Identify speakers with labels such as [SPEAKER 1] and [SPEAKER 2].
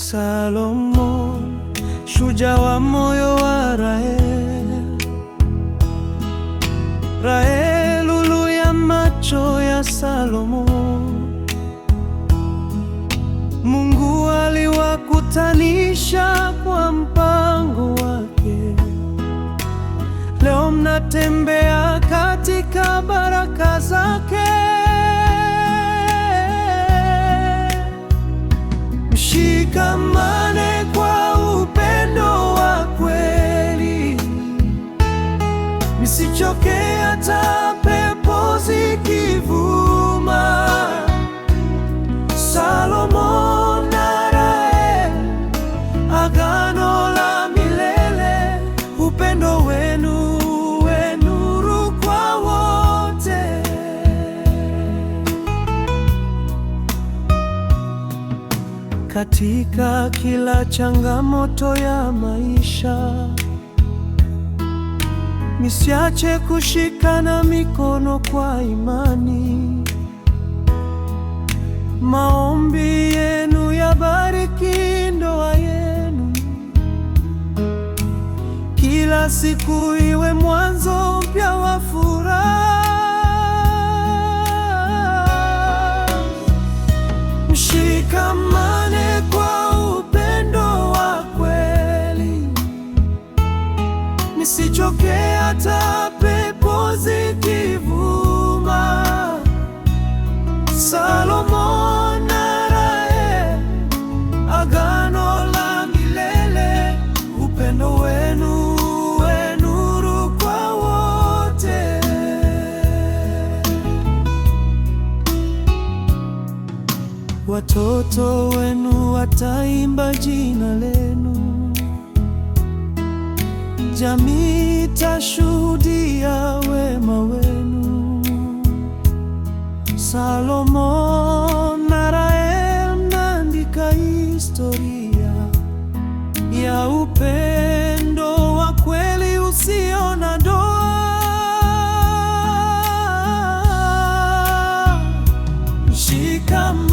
[SPEAKER 1] Salomo, shuja wa moyo wa Rael, Rael, lulu ya macho ya Salomo. Mungu aliwakutanisha kwa mpango wake. Leo mnatembea katika baraka zake. Isichoke hata pepo zikivuma. Salomo narae, agano la milele. Upendo wenu uwe nuru kwa wote. Katika kila changamoto ya maisha nisiache kushikana mikono kwa imani. Maombi yenu yabariki ndoa yenu kila siku. watoto wenu wataimba jina lenu, jamii itashuhudia wema wenu. Salomo na Rael mnaandika historia ya upendo wa kweli usio na doa.